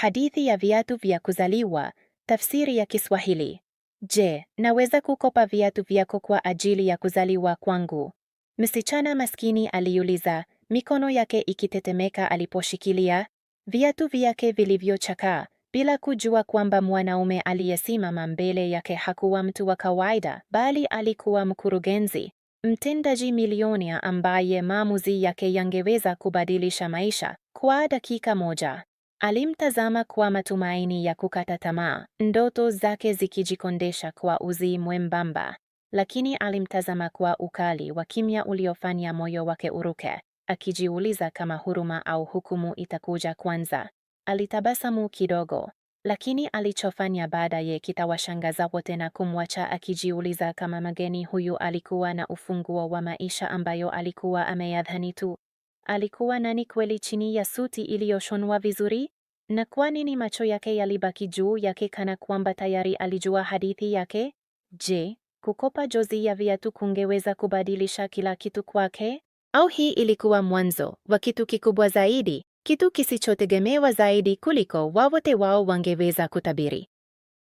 Hadithi ya viatu vya kuzaliwa, tafsiri ya Kiswahili. Je, naweza kukopa viatu vyako kwa ajili ya kuzaliwa kwangu? Msichana maskini aliuliza, mikono yake ikitetemeka aliposhikilia viatu vyake vilivyochakaa, bila kujua kwamba mwanaume aliyesimama mbele yake hakuwa mtu wa kawaida, bali alikuwa mkurugenzi, mtendaji milionia ambaye maamuzi yake yangeweza kubadilisha maisha kwa dakika moja. Alimtazama kwa matumaini ya kukata tamaa, ndoto zake zikijikondesha kwa uzii mwembamba, lakini alimtazama kwa ukali wa kimya uliofanya moyo wake uruke, akijiuliza kama huruma au hukumu itakuja kwanza. Alitabasamu kidogo, lakini alichofanya baadaye kitawashangaza wote na kumwacha akijiuliza kama mgeni huyu alikuwa na ufunguo wa maisha ambayo alikuwa ameyadhani tu. Alikuwa nani kweli chini ya suti iliyoshonwa vizuri? Na kwa nini macho yake yalibaki juu yake kana kwamba tayari alijua hadithi yake? Je, kukopa jozi ya viatu kungeweza kubadilisha kila kitu kwake? Au hii ilikuwa mwanzo wa kitu kikubwa zaidi, kitu kisichotegemewa zaidi kuliko wawote wao wangeweza kutabiri.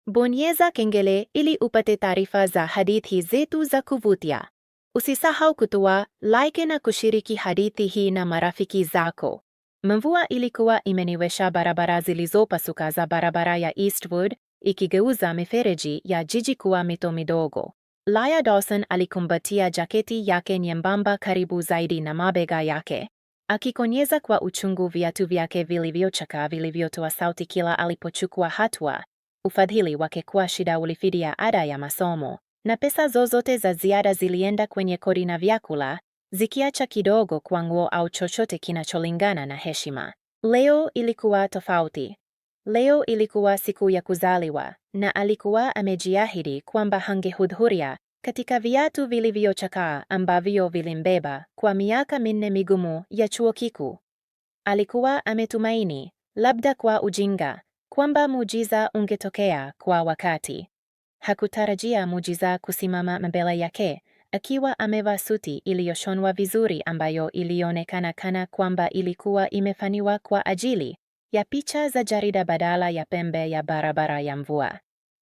Bonyeza kengele ili upate taarifa za hadithi zetu za kuvutia. Usisahau kutoa like na kushiriki hadithi hii na marafiki zako. Mvua ilikuwa imeniwesha barabara zilizopasuka za barabara ya Eastwood, ikigeuza mifereji ya jiji kuwa mito midogo. Laya Dawson alikumbatia jaketi yake nyembamba karibu zaidi na mabega yake, akikonyeza kwa uchungu viatu vyake vilivyochakaa vilivyotoa sauti kila alipochukua hatua. Ufadhili wake kwa shida ulifidia ada ya masomo, na pesa zozote za ziada zilienda kwenye kodi na vyakula, zikiacha kidogo kwa nguo au chochote kinacholingana na heshima. Leo ilikuwa tofauti. Leo ilikuwa siku ya kuzaliwa na alikuwa amejiahidi kwamba hangehudhuria katika viatu vilivyochakaa ambavyo vilimbeba kwa miaka minne migumu ya chuo kikuu. Alikuwa ametumaini, labda kwa ujinga, kwamba muujiza ungetokea kwa wakati. Hakutarajia muujiza kusimama mbele yake akiwa amevaa suti iliyoshonwa vizuri ambayo ilionekana kana kwamba ilikuwa imefaniwa kwa ajili ya picha za jarida badala ya pembe ya barabara ya mvua.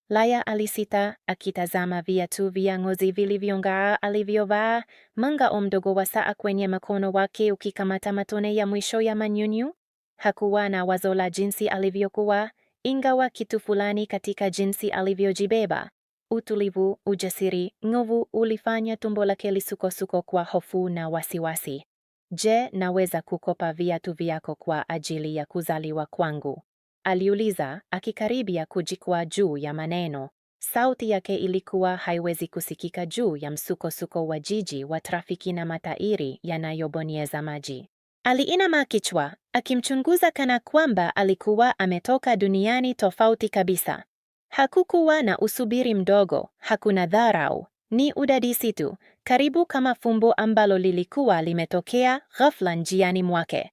Laya alisita akitazama viatu vya ngozi vilivyong'aa alivyovaa, mng'ao mdogo wa saa kwenye mkono wake ukikamata matone ya mwisho ya manyunyu. Hakuwa na wazo la jinsi alivyokuwa, ingawa kitu fulani katika jinsi alivyojibeba utulivu, ujasiri, nguvu ulifanya tumbo lake lisukosuko kwa hofu na wasiwasi. Je, naweza kukopa viatu vyako kwa ajili ya kuzaliwa kwangu? Aliuliza, akikaribia kujikwa juu ya maneno. Sauti yake ilikuwa haiwezi kusikika juu ya msukosuko wa jiji wa trafiki na matairi yanayobonyeza maji. Aliinama kichwa, akimchunguza kana kwamba alikuwa ametoka duniani tofauti kabisa. Hakukuwa na usubiri mdogo, hakuna dharau, ni udadisi tu, karibu kama fumbo ambalo lilikuwa limetokea ghafla njiani mwake.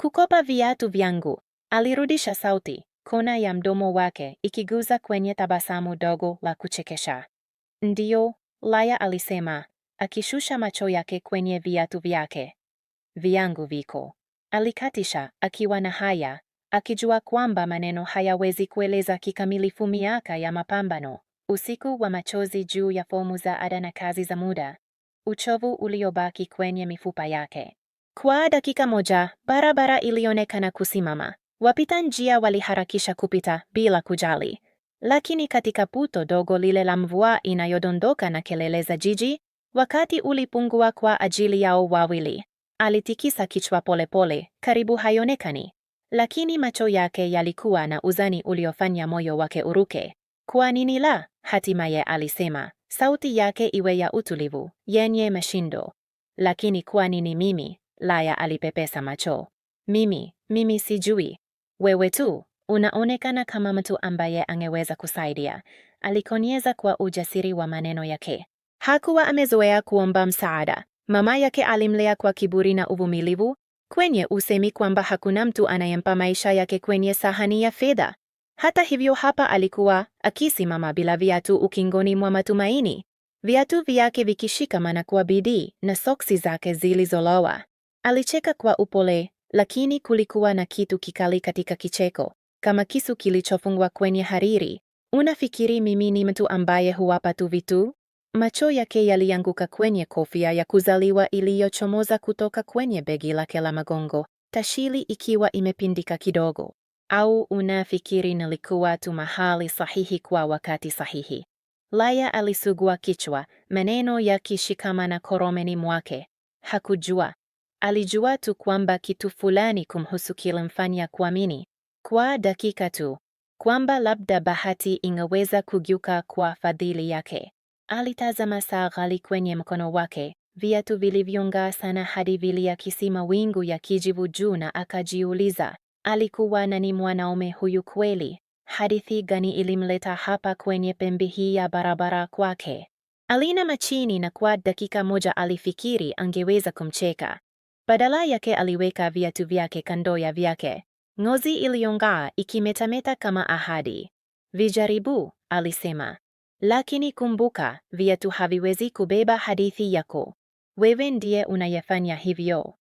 Kukopa viatu vyangu, alirudisha sauti, kona ya mdomo wake ikiguza kwenye tabasamu dogo la kuchekesha. Ndiyo, Laya alisema, akishusha macho yake kwenye viatu vyake. viangu viko, alikatisha akiwa na haya, akijua kwamba maneno hayawezi kueleza kikamilifu miaka ya mapambano, usiku wa machozi juu ya fomu za ada na kazi za muda, uchovu uliobaki kwenye mifupa yake. Kwa dakika moja barabara ilionekana kusimama. Wapita njia waliharakisha kupita bila kujali, lakini katika puto dogo lile la mvua inayodondoka na kelele za jiji, wakati ulipungua kwa ajili yao wawili. Alitikisa kichwa polepole, karibu haionekani. Lakini macho yake yalikuwa na uzani uliofanya moyo wake uruke. Kwa nini la? Hatimaye alisema, sauti yake iwe ya utulivu yenye mashindo. Lakini kwa nini mimi? Laya alipepesa macho. Mimi, mimi sijui. Wewe tu unaonekana kama mtu ambaye angeweza kusaidia, alikonyeza kwa ujasiri wa maneno yake. Hakuwa amezoea kuomba msaada. Mama yake alimlea kwa kiburi na uvumilivu, kwenye usemi kwamba hakuna mtu anayempa maisha yake kwenye sahani ya fedha. Hata hivyo, hapa alikuwa akisimama bila viatu ukingoni mwa matumaini, viatu vyake vikishikamana kwa bidii na soksi zake zilizolowa. Alicheka kwa upole, lakini kulikuwa na kitu kikali katika kicheko, kama kisu kilichofungwa kwenye hariri. Unafikiri mimi ni mtu ambaye huwapa tu vitu? Macho yake yalianguka kwenye kofia ya kuzaliwa iliyochomoza kutoka kwenye begi lake la magongo, tashili ikiwa imepindika kidogo. Au unafikiri nilikuwa tu mahali sahihi kwa wakati sahihi? Laya alisugua kichwa, maneno yakishikamana koromeni mwake. Hakujua. Alijua tu kwamba kitu fulani kumhusu kilimfanya kuamini kwa dakika tu kwamba labda bahati ingeweza kugeuka kwa fadhili yake. Alitazama saa ghali kwenye mkono wake, viatu vilivyong'aa sana hadi viliakisi mawingu ya kijivu juu, na akajiuliza, alikuwa nani mwanaume huyu kweli? Hadithi gani ilimleta hapa kwenye pembe hii ya barabara kwake? Alinama chini na kwa dakika moja alifikiri angeweza kumcheka. Badala yake aliweka viatu vyake kando ya vyake, ngozi iliyong'aa ikimetameta kama ahadi. Vijaribu, alisema. Lakini kumbuka, viatu haviwezi kubeba hadithi yako. Wewe ndiye unayefanya hivyo.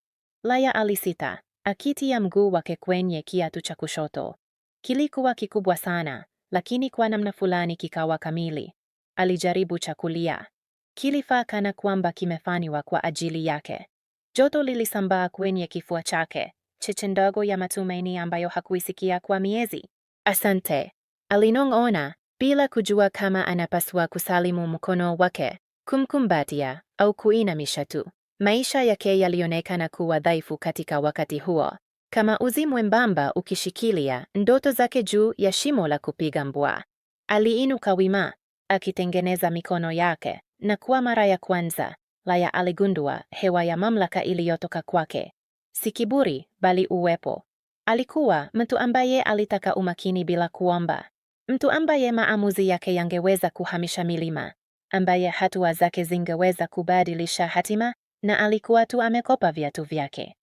Laya alisita, akitia mguu wake kwenye kiatu cha kushoto. Kilikuwa kikubwa sana, lakini kwa namna fulani kikawa kamili. Alijaribu cha kulia. Kilifaa kana kwamba kimefanywa kwa ajili yake. Joto lilisambaa kwenye kifua chake, cheche ndogo ya matumaini ambayo hakuisikia kwa miezi. Asante, alinong'ona, bila kujua kama anapaswa kusalimu mkono wake, kumkumbatia au kuinamisha tu. Maisha yake yalionekana kuwa dhaifu katika wakati huo, kama uzi mwembamba ukishikilia ndoto zake juu ya shimo la kupiga mbwa. Aliinuka wima akitengeneza mikono yake, na kwa mara ya kwanza Laya aligundua hewa ya mamlaka iliyotoka kwake, si kiburi bali uwepo. Alikuwa mtu ambaye alitaka umakini bila kuomba, Mtu ambaye maamuzi yake yangeweza kuhamisha milima, ambaye hatua zake zingeweza kubadilisha hatima, na alikuwa tu amekopa viatu vyake.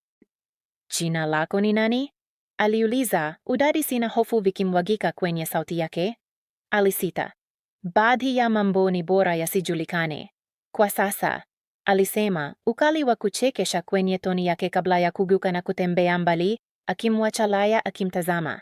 Jina lako ni nani? Aliuliza, udadisi na hofu vikimwagika kwenye sauti yake. Alisita. Baadhi ya mambo ni bora yasijulikane kwa sasa, alisema, ukali wa kuchekesha kwenye toni yake kabla ya kuguka na kutembea mbali, akimwacha Laya akimtazama.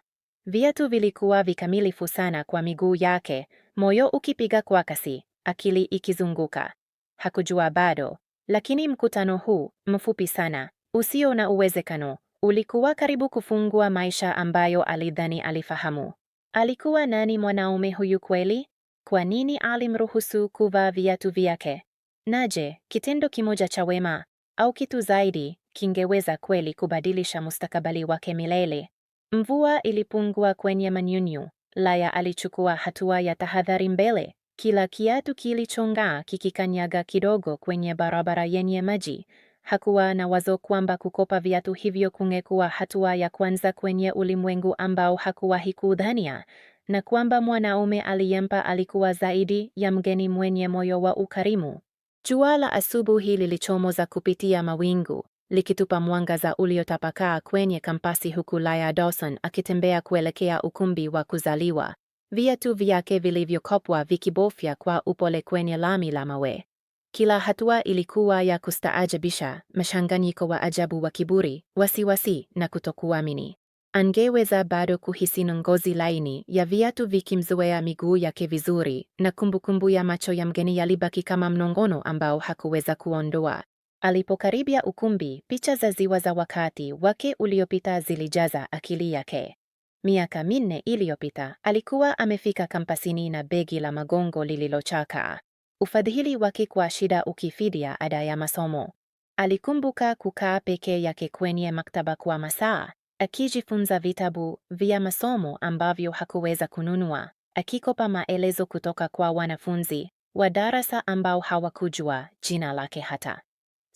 Viatu vilikuwa vikamilifu sana kwa miguu yake, moyo ukipiga kwa kasi, akili ikizunguka. Hakujua bado, lakini mkutano huu mfupi sana, usio na uwezekano, ulikuwa karibu kufungua maisha ambayo alidhani alifahamu. Alikuwa nani mwanaume huyu kweli? Kwa nini alimruhusu kuvaa viatu vyake? Naje, kitendo kimoja cha wema au kitu zaidi kingeweza kweli kubadilisha mustakabali wake milele? Mvua ilipungua kwenye manyunyu. Laya alichukua hatua ya tahadhari mbele, kila kiatu kilichong'aa kikikanyaga kidogo kwenye barabara yenye maji. Hakuwa na wazo kwamba kukopa viatu hivyo kungekuwa hatua ya kwanza kwenye ulimwengu ambao hakuwahi kudhania, na kwamba mwanaume aliyempa alikuwa zaidi ya mgeni mwenye moyo wa ukarimu. Jua la asubuhi lilichomoza kupitia mawingu, likitupa mwangaza uliotapakaa kwenye kampasi huku Laya Dawson akitembea kuelekea ukumbi wa kuzaliwa, viatu vyake vilivyokopwa vikibofya kwa upole kwenye lami la mawe. Kila hatua ilikuwa ya kustaajabisha, mchanganyiko wa ajabu wa kiburi, wasiwasi na kutokuamini. Angeweza bado kuhisi ngozi laini ya viatu vikimzoea miguu yake vizuri, na kumbukumbu ya macho ya mgeni yalibaki kama mnongono ambao hakuweza kuondoa, Alipokaribia ukumbi, picha za ziwa za wakati wake uliopita zilijaza akili yake. Miaka minne iliyopita alikuwa amefika kampasini na begi la magongo lililochaka, ufadhili wake kwa shida ukifidia ada ya masomo. Alikumbuka kukaa peke yake kwenye maktaba kwa masaa, akijifunza vitabu vya masomo ambavyo hakuweza kununua, akikopa maelezo kutoka kwa wanafunzi wa darasa ambao hawakujua jina lake hata.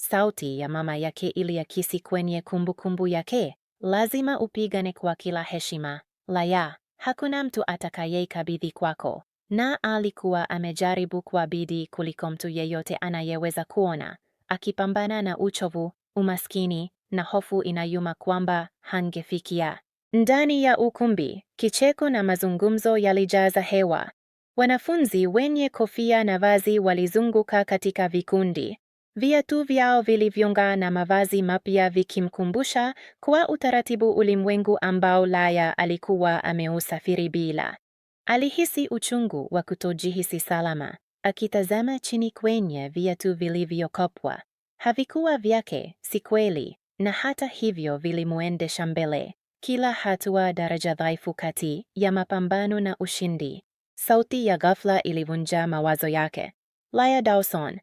Sauti ya mama yake iliakisi kwenye kumbukumbu yake, lazima upigane kwa kila heshima, la ya hakuna mtu atakayeikabidhi kwako. Na alikuwa amejaribu kwa bidii kuliko mtu yeyote anayeweza kuona, akipambana na uchovu, umaskini na hofu inayuma kwamba hangefikia. Ndani ya ukumbi, kicheko na mazungumzo yalijaza hewa. Wanafunzi wenye kofia na vazi walizunguka katika vikundi, Viatu vyao vilivyong'aa na mavazi mapya vikimkumbusha kuwa utaratibu ulimwengu ambao Laya alikuwa ameusafiri bila. Alihisi uchungu wa kutojihisi salama, akitazama chini kwenye viatu vilivyokopwa. Havikuwa vyake, si kweli, na hata hivyo vilimwendesha mbele, kila hatua daraja dhaifu kati ya mapambano na ushindi. Sauti ya ghafla ilivunja mawazo yake. Laya Dawson,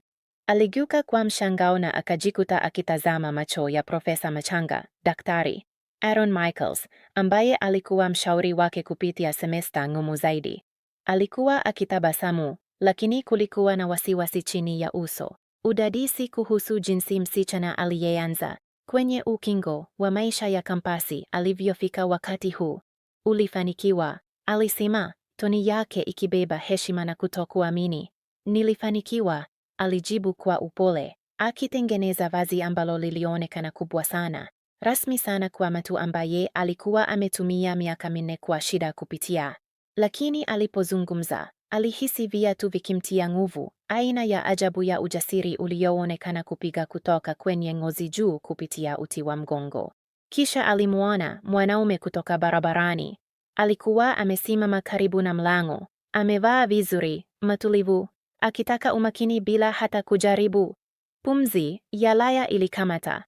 Aligeuka kwa mshangao na akajikuta akitazama macho ya Profesa Machanga, Daktari Aaron Michaels, ambaye alikuwa mshauri wake kupitia semesta ngumu zaidi. Alikuwa akitabasamu, lakini kulikuwa na wasiwasi chini ya uso, udadisi kuhusu jinsi msichana aliyeanza kwenye ukingo wa maisha ya kampasi alivyofika wakati huu. Ulifanikiwa, alisema, toni yake ikibeba heshima na kutokuamini. Nilifanikiwa, alijibu kwa upole, akitengeneza vazi ambalo lilionekana kubwa sana, rasmi sana kwa mtu ambaye alikuwa ametumia miaka minne kwa shida kupitia. Lakini alipozungumza, alihisi viatu vikimtia nguvu, aina ya ajabu ya ujasiri ulioonekana kupiga kutoka kwenye ngozi juu kupitia uti wa mgongo. Kisha alimwona mwanaume kutoka barabarani. Alikuwa amesimama karibu na mlango, amevaa vizuri, matulivu, akitaka umakini bila hata kujaribu. Pumzi ya Laya ilikamata.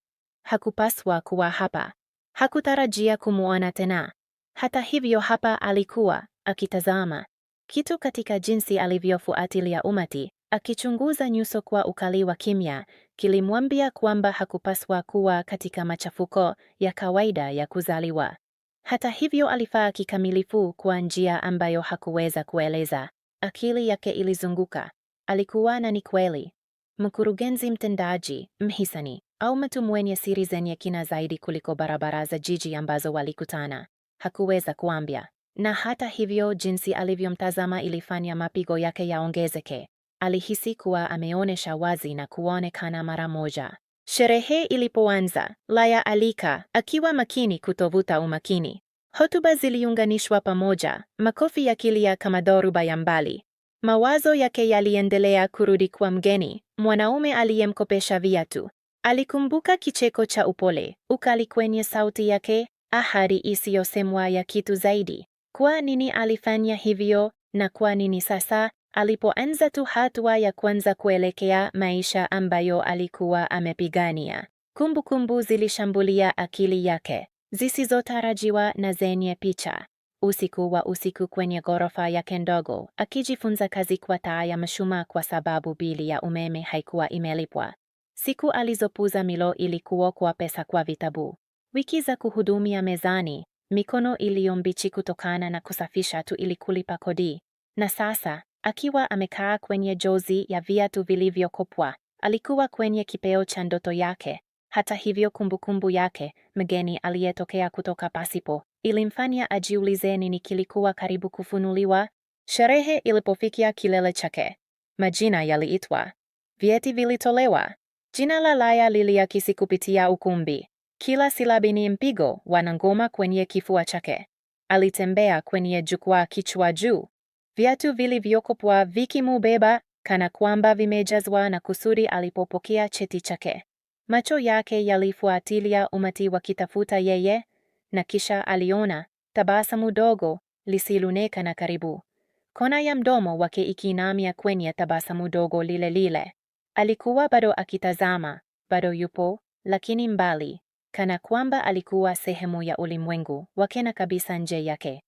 Hakupaswa kuwa hapa. Hakutarajia kumwona tena. Hata hivyo, hapa alikuwa akitazama kitu katika jinsi alivyofuatilia umati, akichunguza nyuso kwa ukali wa kimya, kilimwambia kwamba hakupaswa kuwa katika machafuko ya kawaida ya kuzaliwa. Hata hivyo, alifaa kikamilifu kwa njia ambayo hakuweza kueleza. Akili yake ilizunguka alikuwa na ni kweli, mkurugenzi mtendaji, mhisani au mtu mwenye siri zenye kina zaidi kuliko barabara za jiji ambazo walikutana? Hakuweza kuambia, na hata hivyo, jinsi alivyomtazama ilifanya mapigo yake yaongezeke. Alihisi kuwa ameonyesha wazi na kuonekana mara moja. Sherehe ilipoanza, Laya alika akiwa makini kutovuta umakini. Hotuba ziliunganishwa pamoja, makofi yakilia kama dhoruba ya mbali. Mawazo yake yaliendelea kurudi kwa mgeni, mwanaume aliyemkopesha viatu. Alikumbuka kicheko cha upole, ukali kwenye sauti yake, ahadi isiyosemwa ya kitu zaidi. Kwa nini alifanya hivyo, na kwa nini sasa, alipoanza tu hatua ya kwanza kuelekea maisha ambayo alikuwa amepigania? Kumbukumbu zilishambulia akili yake, zisizotarajiwa na zenye picha usiku wa usiku kwenye ghorofa yake ndogo, akijifunza kazi kwa taa ya mshumaa kwa sababu bili ya umeme haikuwa imelipwa. Siku alizopuza Milo kuokoa pesa kwa vitabu, wiki za kuhudumia mezani, mikono iliyombichi kutokana na kusafisha tu ili kulipa kodi. Na sasa akiwa amekaa kwenye jozi ya viatu vilivyokopwa, alikuwa kwenye kipeo cha ndoto yake, hata hivyo, kumbukumbu yake mgeni aliyetokea kutoka pasipo ilimfanya ajiulize nini kilikuwa karibu kufunuliwa. Sherehe ilipofikia kilele chake, majina yaliitwa, vyeti vilitolewa, jina la Laya liliakisi kupitia ukumbi. Kila silabi ni mpigo wanangoma kwenye kifua chake. Alitembea kwenye jukwaa kichwa juu, viatu vilivyokopwa vikimubeba kana kwamba vimejazwa na kusudi. Alipopokea cheti chake, Macho yake yalifuatilia umati wakitafuta yeye, na kisha aliona tabasamu dogo lisilonekana karibu, kona ya mdomo wake ikinamia kwenye tabasamu dogo lile lile. Alikuwa bado akitazama, bado yupo, lakini mbali, kana kwamba alikuwa sehemu ya ulimwengu wake na kabisa nje yake.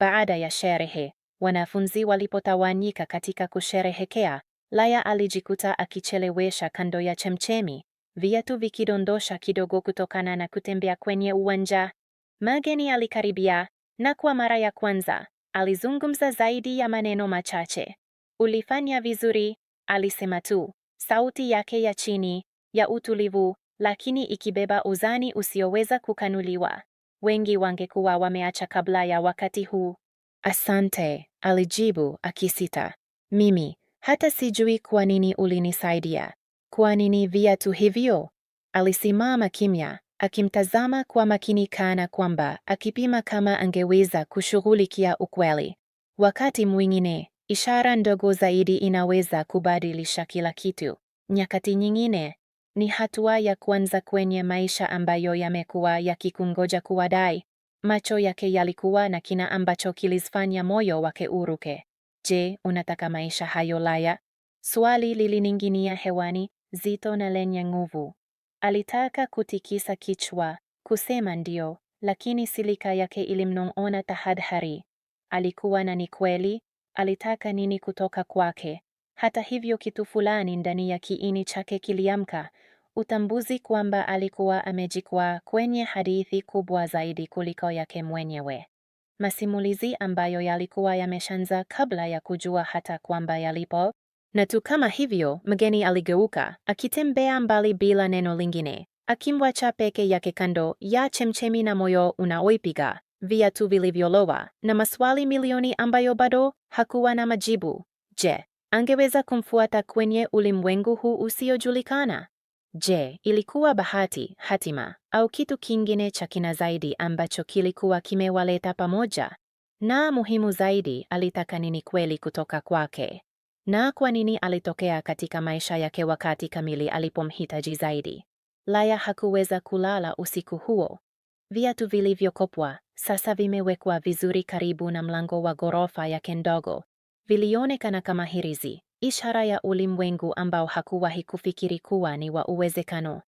Baada ya sherehe, wanafunzi walipotawanyika katika kusherehekea, Laya alijikuta akichelewesha kando ya chemchemi viatu vikidondosha kidogo kutokana na kutembea kwenye uwanja. Mageni alikaribia na kwa mara ya kwanza alizungumza zaidi ya maneno machache. Ulifanya vizuri, alisema tu, sauti yake ya chini ya utulivu, lakini ikibeba uzani usioweza kukanuliwa. Wengi wangekuwa wameacha kabla ya wakati huu. Asante, alijibu akisita. Mimi hata sijui kwa nini ulinisaidia, kwa nini viatu hivyo? Alisimama kimya, akimtazama kwa makini kana kwamba akipima kama angeweza kushughulikia ukweli. Wakati mwingine, ishara ndogo zaidi inaweza kubadilisha kila kitu. Nyakati nyingine, ni hatua ya kwanza kwenye maisha ambayo yamekuwa yakikungoja kuwadai. Macho yake yalikuwa na kina ambacho kilifanya moyo wake uruke. Je, unataka maisha hayo laya? Swali lilining'inia hewani, zito na lenye nguvu. Alitaka kutikisa kichwa, kusema ndio, lakini silika yake ilimnong'ona tahadhari. Alikuwa na ni kweli, alitaka nini kutoka kwake? Hata hivyo kitu fulani ndani ya kiini chake kiliamka, utambuzi kwamba alikuwa amejikwaa kwenye hadithi kubwa zaidi kuliko yake mwenyewe, masimulizi ambayo yalikuwa yameshanza kabla ya kujua hata kwamba yalipo na tu kama hivyo, mgeni aligeuka akitembea mbali bila neno lingine, akimwacha peke yake kando ya chemchemi na moyo unaoipiga, viatu vilivyolowa na maswali milioni ambayo bado hakuwa na majibu. Je, angeweza kumfuata kwenye ulimwengu huu usiojulikana? Je, ilikuwa bahati, hatima au kitu kingine cha kina zaidi ambacho kilikuwa kimewaleta pamoja? Na muhimu zaidi, alitaka nini kweli kutoka kwake? na kwa nini alitokea katika maisha yake wakati Kamili alipomhitaji zaidi. Laya hakuweza kulala usiku huo. Viatu vilivyokopwa sasa vimewekwa vizuri karibu na mlango wa ghorofa yake ndogo. Vilionekana kama hirizi, ishara ya ulimwengu ambao hakuwahi kufikiri kuwa ni wa uwezekano.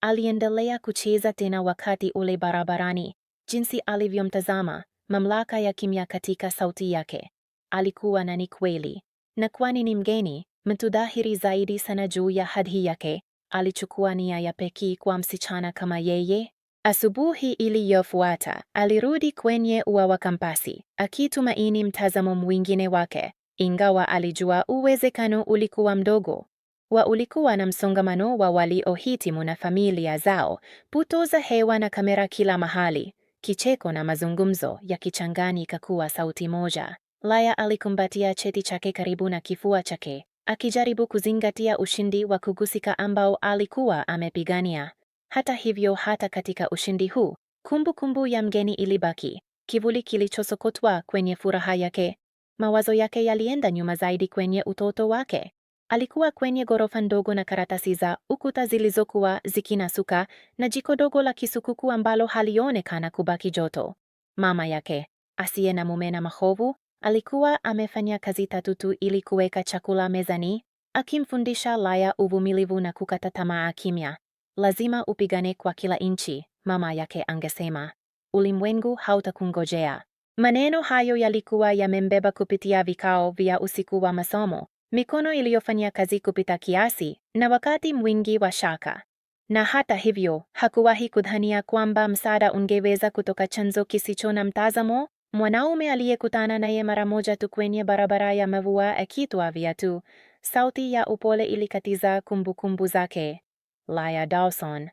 Aliendelea kucheza tena wakati ule barabarani. Jinsi alivyomtazama, mamlaka ya kimya katika sauti yake. Alikuwa na ni kweli, na kwani ni mgeni, mtu dhahiri zaidi sana juu ya hadhi yake, alichukua nia ya pekee kwa msichana kama yeye. Asubuhi iliyofuata alirudi kwenye ua wa kampasi akitumaini mtazamo mwingine wake, ingawa alijua uwezekano ulikuwa mdogo. Wa ulikuwa na msongamano wa waliohitimu na familia zao, puto za hewa na kamera kila mahali, kicheko na mazungumzo yakichanganyika kuwa sauti moja. Laya alikumbatia cheti chake karibu na kifua chake, akijaribu kuzingatia ushindi wa kugusika ambao alikuwa amepigania. Hata hivyo, hata katika ushindi huu, kumbukumbu ya mgeni ilibaki, kivuli kilichosokotwa kwenye furaha yake. Mawazo yake yalienda nyuma zaidi kwenye utoto wake. Alikuwa kwenye ghorofa ndogo na karatasi za ukuta zilizokuwa zikinasuka na jiko dogo la kisukuku ambalo halionekana kubaki joto. Mama yake asiye na mume na mahovu Alikuwa amefanya kazi tatu tu ili kuweka chakula mezani, akimfundisha Laya uvumilivu na kukata tamaa kimya. Lazima upigane kwa kila inchi, mama yake angesema. Ulimwengu hautakungojea. Maneno hayo yalikuwa yamembeba kupitia vikao vya usiku wa masomo, mikono iliyofanya kazi kupita kiasi na wakati mwingi wa shaka. Na hata hivyo, hakuwahi kudhania kwamba msaada ungeweza kutoka chanzo kisicho na mtazamo Mwanaume aliyekutana naye mara moja tu kwenye barabara ya mvua akitwa viatu, sauti ya upole ilikatiza kumbukumbu zake. Laya Dawson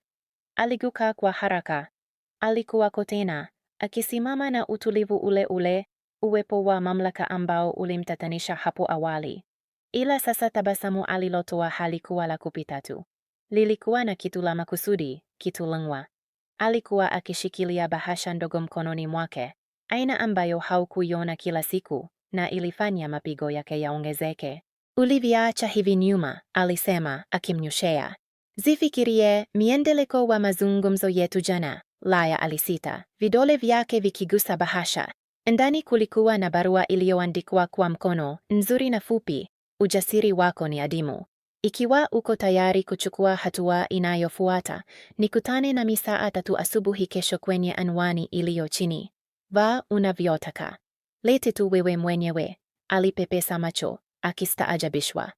aliguka kwa haraka. alikuwa kotena akisimama na utulivu ule ule, uwepo wa mamlaka ambao ulimtatanisha hapo awali. Ila sasa tabasamu alilotoa halikuwa la kupita tu, lilikuwa na kitu la makusudi, kitu lengwa. Alikuwa akishikilia bahasha ndogo mkononi mwake aina ambayo haukuiona kila siku na ilifanya mapigo yake yaongezeke. Uliviacha hivi nyuma, alisema akimnyushea. Zifikirie miendeleko wa mazungumzo yetu jana. Laya alisita, vidole vyake vikigusa bahasha. Ndani kulikuwa na barua iliyoandikwa kwa mkono nzuri na fupi: ujasiri wako ni adimu. Ikiwa uko tayari kuchukua hatua inayofuata, nikutane nami saa tatu asubuhi kesho kwenye anwani iliyo chini vaa unavyotaka, lete tu wewe mwenyewe, alipepesa macho akistaajabishwa.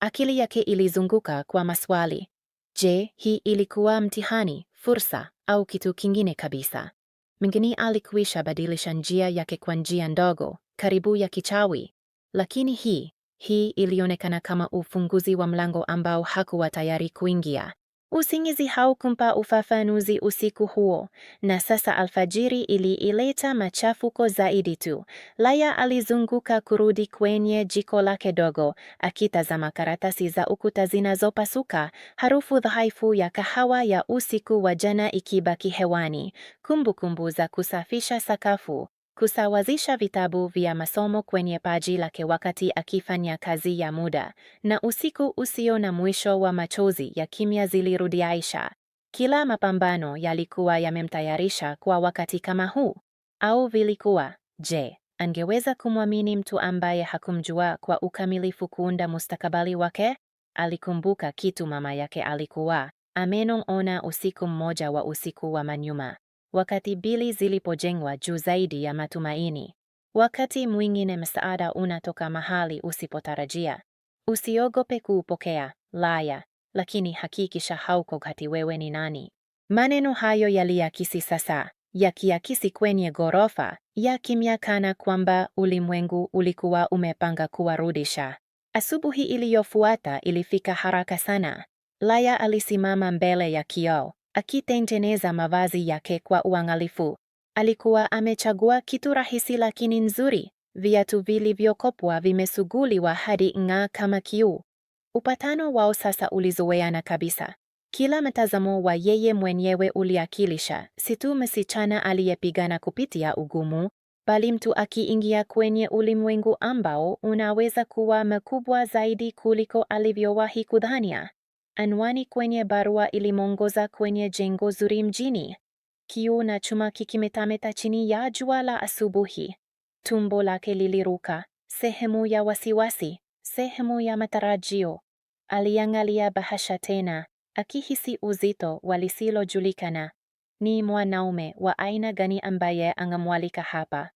Akili yake ilizunguka kwa maswali. Je, hii ilikuwa mtihani, fursa au kitu kingine kabisa? Mgeni alikuisha badilisha njia yake kwa njia ndogo, karibu ya kichawi, lakini hii hii ilionekana kama ufunguzi wa mlango ambao hakuwa tayari kuingia. Usingizi haukumpa ufafanuzi usiku huo, na sasa alfajiri iliileta machafuko zaidi tu. Laya alizunguka kurudi kwenye jiko lake dogo, akitazama karatasi za ukuta zinazopasuka, harufu dhaifu ya kahawa ya usiku wa jana ikibaki hewani, kumbukumbu za kusafisha sakafu, kusawazisha vitabu vya masomo kwenye paji lake wakati akifanya kazi ya muda, na usiku usio na mwisho wa machozi ya kimya zilirudi Aisha. Kila mapambano yalikuwa yamemtayarisha kwa wakati kama huu, au vilikuwa je? Angeweza kumwamini mtu ambaye hakumjua kwa ukamilifu kuunda mustakabali wake? Alikumbuka kitu mama yake alikuwa amenong'ona usiku mmoja wa usiku wa manyuma wakati bili zilipojengwa juu zaidi ya matumaini. Wakati mwingine msaada unatoka mahali usipotarajia. Usiogope kuupokea, laya, lakini hakikisha hauko kati wewe ni nani. Maneno hayo yaliakisi sasa, yakiakisi kwenye ghorofa, yakimya kana kwamba ulimwengu ulikuwa umepanga kuwarudisha. Asubuhi iliyofuata ilifika haraka sana. Laya alisimama mbele ya kioo, akitengeneza mavazi yake kwa uangalifu. Alikuwa amechagua kitu rahisi lakini nzuri, viatu vilivyokopwa vimesuguliwa hadi ng'aa kama kiu Upatano wao sasa ulizoeana kabisa. Kila mtazamo wa yeye mwenyewe uliakilisha si tu msichana aliyepigana kupitia ugumu, bali mtu akiingia kwenye ulimwengu ambao unaweza kuwa mkubwa zaidi kuliko alivyowahi kudhania. Anwani kwenye barua ilimwongoza kwenye jengo zuri mjini. Kioo na chuma kikimetameta chini ya jua la asubuhi. Tumbo lake liliruka, sehemu ya wasiwasi, sehemu ya matarajio. Aliangalia bahasha tena, akihisi uzito wa lisilojulikana. Ni mwanaume wa aina gani ambaye angamwalika hapa?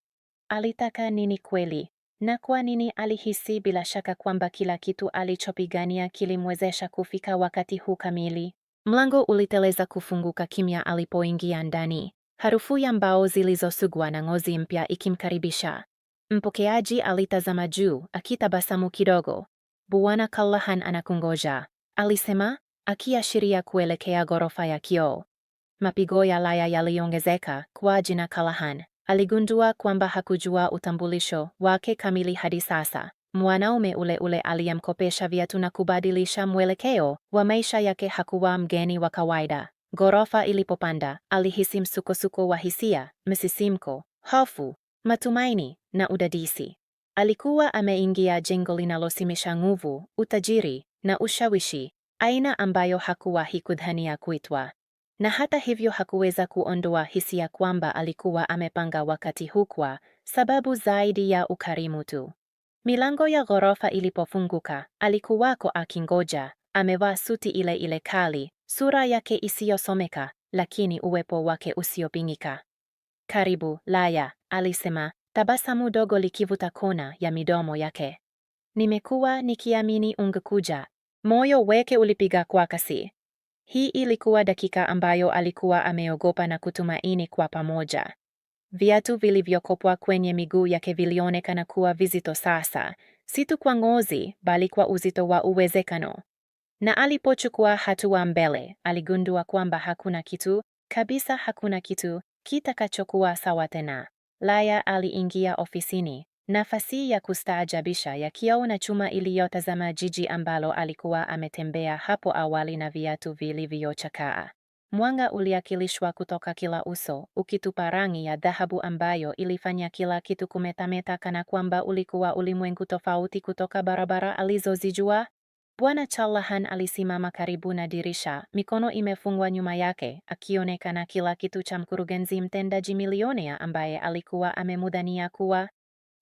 Alitaka nini kweli? Na kwa nini alihisi bila shaka kwamba kila kitu alichopigania kilimwezesha kufika wakati huu kamili? Mlango uliteleza kufunguka kimya alipoingia ndani, harufu ya mbao zilizosugwa na ngozi mpya ikimkaribisha. Mpokeaji alitazama juu akitabasamu kidogo. Bwana Callahan anakungoja, alisema akiashiria kuelekea ghorofa ya kioo. Mapigo ya laya yaliongezeka kwa jina Callahan. Aligundua kwamba hakujua utambulisho wake kamili hadi sasa. Mwanaume ule ule aliyemkopesha viatu na kubadilisha mwelekeo wa maisha yake hakuwa mgeni wa kawaida. Ghorofa ilipopanda, alihisi msukosuko wa hisia, msisimko, hofu, matumaini na udadisi. Alikuwa ameingia jengo linalosimisha nguvu, utajiri na ushawishi, aina ambayo hakuwahi kudhania kuitwa na hata hivyo hakuweza kuondoa hisia kwamba alikuwa amepanga wakati huu kwa sababu zaidi ya ukarimu tu. Milango ya ghorofa ilipofunguka, alikuwako akingoja, amevaa suti ile ile kali, sura yake isiyosomeka, lakini uwepo wake usiopingika. Karibu Laya, alisema, tabasamu dogo likivuta kona ya midomo yake. Nimekuwa nikiamini ungekuja. Moyo wake ulipiga kwa kasi. Hii ilikuwa dakika ambayo alikuwa ameogopa na kutumaini kwa pamoja. Viatu vilivyokopwa kwenye miguu yake vilionekana kuwa vizito sasa, si tu kwa ngozi, bali kwa uzito wa uwezekano. Na alipochukua hatua mbele, aligundua kwamba hakuna kitu, kabisa hakuna kitu, kitakachokuwa sawa tena. Laya aliingia ofisini, Nafasi ya kustaajabisha ya kioo na chuma iliyotazama jiji ambalo alikuwa ametembea hapo awali na viatu vilivyochakaa. Mwanga uliakilishwa kutoka kila uso, ukitupa rangi ya dhahabu ambayo ilifanya kila kitu kumetameta kana kwamba ulikuwa ulimwengu tofauti kutoka barabara alizozijua. Bwana Chalahan alisimama karibu na dirisha, mikono imefungwa nyuma yake, akionekana kila kitu cha mkurugenzi mtendaji milionea ambaye alikuwa amemudhania kuwa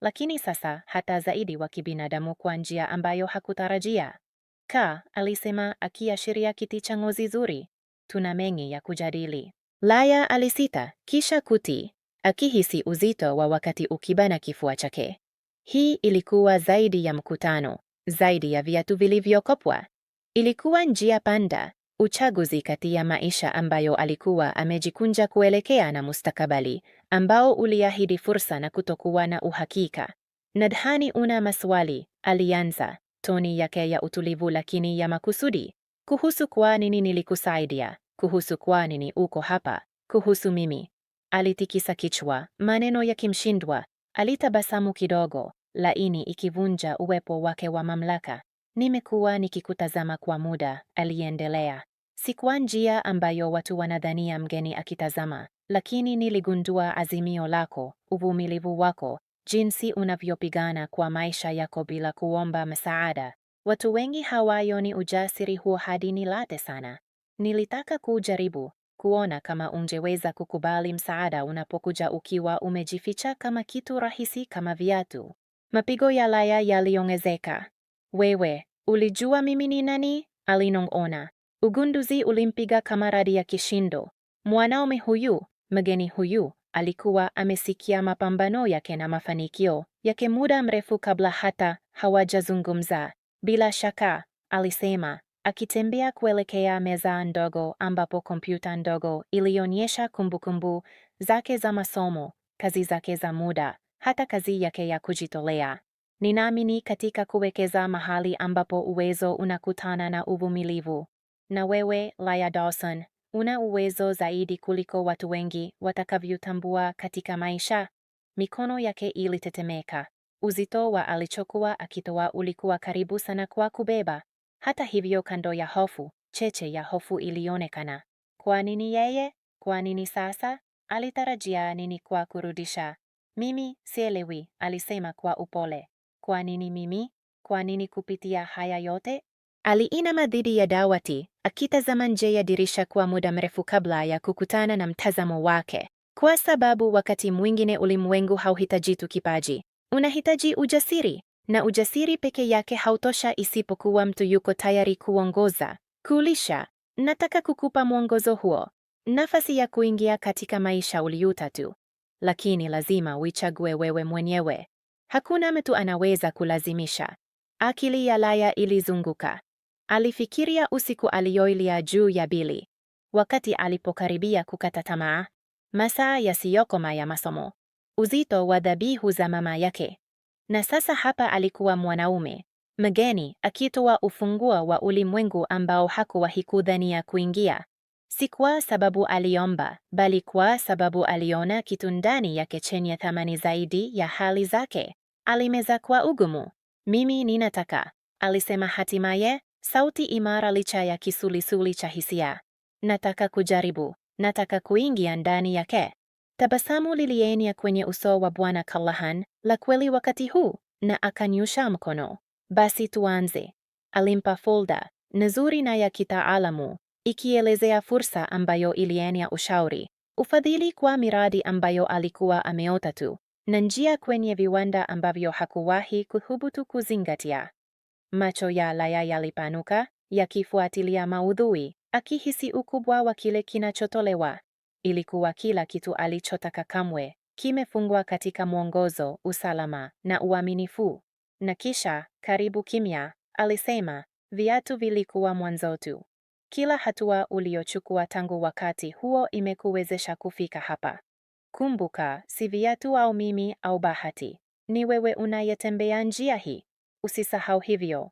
lakini sasa hata zaidi wa kibinadamu kwa njia ambayo hakutarajia. Ka alisema akiashiria kiti cha ngozi zuri. Tuna mengi ya kujadili. Laya alisita kisha kuti, akihisi uzito wa wakati ukibana kifua chake. Hii ilikuwa zaidi ya mkutano, zaidi ya viatu vilivyokopwa. Ilikuwa njia panda, uchaguzi kati ya maisha ambayo alikuwa amejikunja kuelekea na mustakabali ambao uliahidi fursa na kutokuwa na uhakika. Nadhani una maswali, alianza, toni yake ya utulivu lakini ya makusudi, kuhusu kwa nini nilikusaidia, kuhusu kwa nini uko hapa, kuhusu mimi. Alitikisa kichwa, maneno yakimshindwa. Alitabasamu kidogo, laini ikivunja uwepo wake wa mamlaka. Nimekuwa nikikutazama kwa muda, aliendelea, si kwa njia ambayo watu wanadhania mgeni akitazama, lakini niligundua azimio lako, uvumilivu wako, jinsi unavyopigana kwa maisha yako bila kuomba msaada. Watu wengi ni ujasiri huo hadi ni late sana. Nilitaka kujaribu kuona kama ungeweza kukubali msaada unapokuja ukiwa umejificha kama kitu rahisi kama viatu. Mapigo ya Laya yaliongezeka. Wewe ulijua mimi ni nani? Alinong'ona. Ugunduzi ulimpiga kama radi ya kishindo. Mwanaume huyu Mgeni huyu alikuwa amesikia mapambano yake na mafanikio yake muda mrefu kabla hata hawajazungumza. Bila shaka, alisema akitembea kuelekea meza ndogo ambapo kompyuta ndogo ilionyesha kumbukumbu zake za masomo, kazi zake za muda, hata kazi yake ya kujitolea. Ninaamini katika kuwekeza mahali ambapo uwezo unakutana na uvumilivu. Na wewe, Laya Dawson, Una uwezo zaidi kuliko watu wengi watakavyotambua katika maisha. Mikono yake ilitetemeka. Uzito wa alichokuwa akitoa ulikuwa karibu sana kwa kubeba. Hata hivyo, kando ya hofu, cheche ya hofu ilionekana. Kwa nini yeye? Kwa nini sasa? Alitarajia nini kwa kurudisha? Mimi sielewi, alisema kwa upole. Kwa nini mimi? Kwa nini kupitia haya yote? Aliinama dhidi ya dawati akitazama nje ya dirisha kwa muda mrefu kabla ya kukutana na mtazamo wake, kwa sababu wakati mwingine ulimwengu hauhitaji tu kipaji, unahitaji ujasiri, na ujasiri peke yake hautosha isipokuwa mtu yuko tayari kuongoza, kulisha. Nataka kukupa mwongozo huo, nafasi ya kuingia katika maisha uliuta tu, lakini lazima uichague wewe mwenyewe. Hakuna mtu anaweza kulazimisha. Akili ya Laya ilizunguka Alifikiria usiku aliyoilia juu ya Bili wakati alipokaribia kukata tamaa, masaa yasiyokoma ya masomo, uzito wa dhabihu za mama yake. Na sasa hapa alikuwa mwanaume mgeni akitoa ufunguo wa ulimwengu ambao hakuwahi kudhania kuingia, si kwa sababu aliomba, bali kwa sababu aliona kitu ndani yake chenye thamani zaidi ya hali zake. Alimeza kwa ugumu. Mimi ninataka, alisema hatimaye, sauti imara licha ya kisulisuli cha hisia. Nataka kujaribu, nataka kuingia ndani yake. Tabasamu lilienia kwenye uso wa Bwana Callahan, la kweli wakati huu, na akanyusha mkono. Basi tuanze. Alimpa folda nzuri na ya kitaalamu ikielezea fursa ambayo ilienia ushauri, ufadhili kwa miradi ambayo alikuwa ameota tu, na njia kwenye viwanda ambavyo hakuwahi kuthubutu kuzingatia. Macho ya Laya yalipanuka yakifuatilia maudhui, akihisi ukubwa wa kile kinachotolewa. Ilikuwa kila kitu alichotaka kamwe, kimefungwa katika mwongozo, usalama na uaminifu. Na kisha, karibu kimya, alisema, viatu vilikuwa mwanzo tu. Kila hatua uliochukua tangu wakati huo imekuwezesha kufika hapa. Kumbuka, si viatu au mimi au bahati, ni wewe unayetembea njia hii. Usisahau hivyo.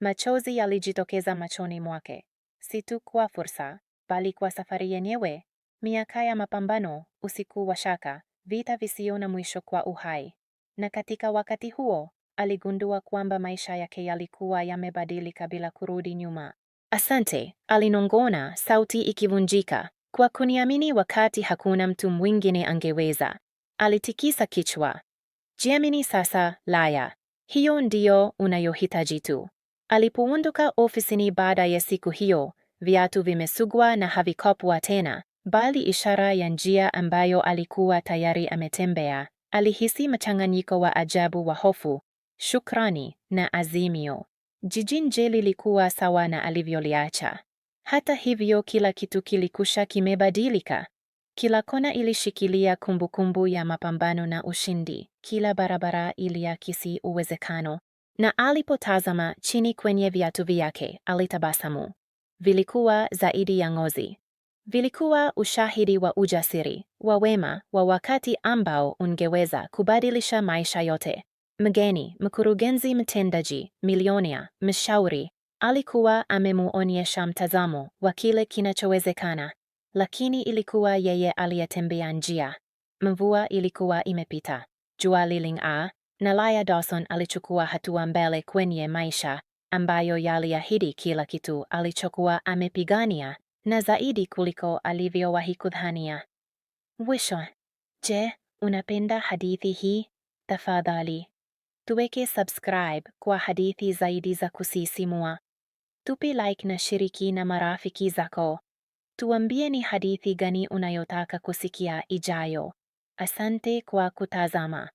Machozi yalijitokeza machoni mwake, si tu kwa fursa, bali kwa safari yenyewe, miaka ya mapambano, usiku wa shaka, vita visio na mwisho kwa uhai. Na katika wakati huo aligundua kwamba maisha yake yalikuwa yamebadilika bila kurudi nyuma. Asante, alinong'ona, sauti ikivunjika, kwa kuniamini wakati hakuna mtu mwingine angeweza. Alitikisa kichwa. Jiamini sasa, Laya. Hiyo ndiyo unayohitaji tu. Alipoondoka ofisini baada ya siku hiyo, viatu vimesugwa na havikopwa tena, bali ishara ya njia ambayo alikuwa tayari ametembea. Alihisi mchanganyiko wa ajabu wa hofu, shukrani na azimio. Jiji nje lilikuwa sawa na alivyoliacha. Hata hivyo, kila kitu kilikusha kimebadilika. Kila kona ilishikilia kumbukumbu kumbu ya mapambano na ushindi, kila barabara iliakisi uwezekano, na alipotazama chini kwenye viatu vyake alitabasamu. Vilikuwa zaidi ya ngozi, vilikuwa ushahidi wa ujasiri, wa wema, wa wakati ambao ungeweza kubadilisha maisha yote. Mgeni, mkurugenzi mtendaji, milionia, mshauri, alikuwa amemuonyesha mtazamo wa kile kinachowezekana lakini ilikuwa yeye aliyetembea njia. Mvua ilikuwa imepita, jua liling'aa, na Laya Dawson alichukua hatua mbele kwenye maisha ambayo yaliahidi kila kitu alichokuwa amepigania na zaidi kuliko alivyowahi kudhania. Mwisho, je, unapenda hadithi hii? Tafadhali tuweke subscribe kwa hadithi zaidi za kusisimua. Tupi like na shiriki na marafiki zako tuambie ni hadithi gani unayotaka kusikia ijayo. Asante kwa kutazama.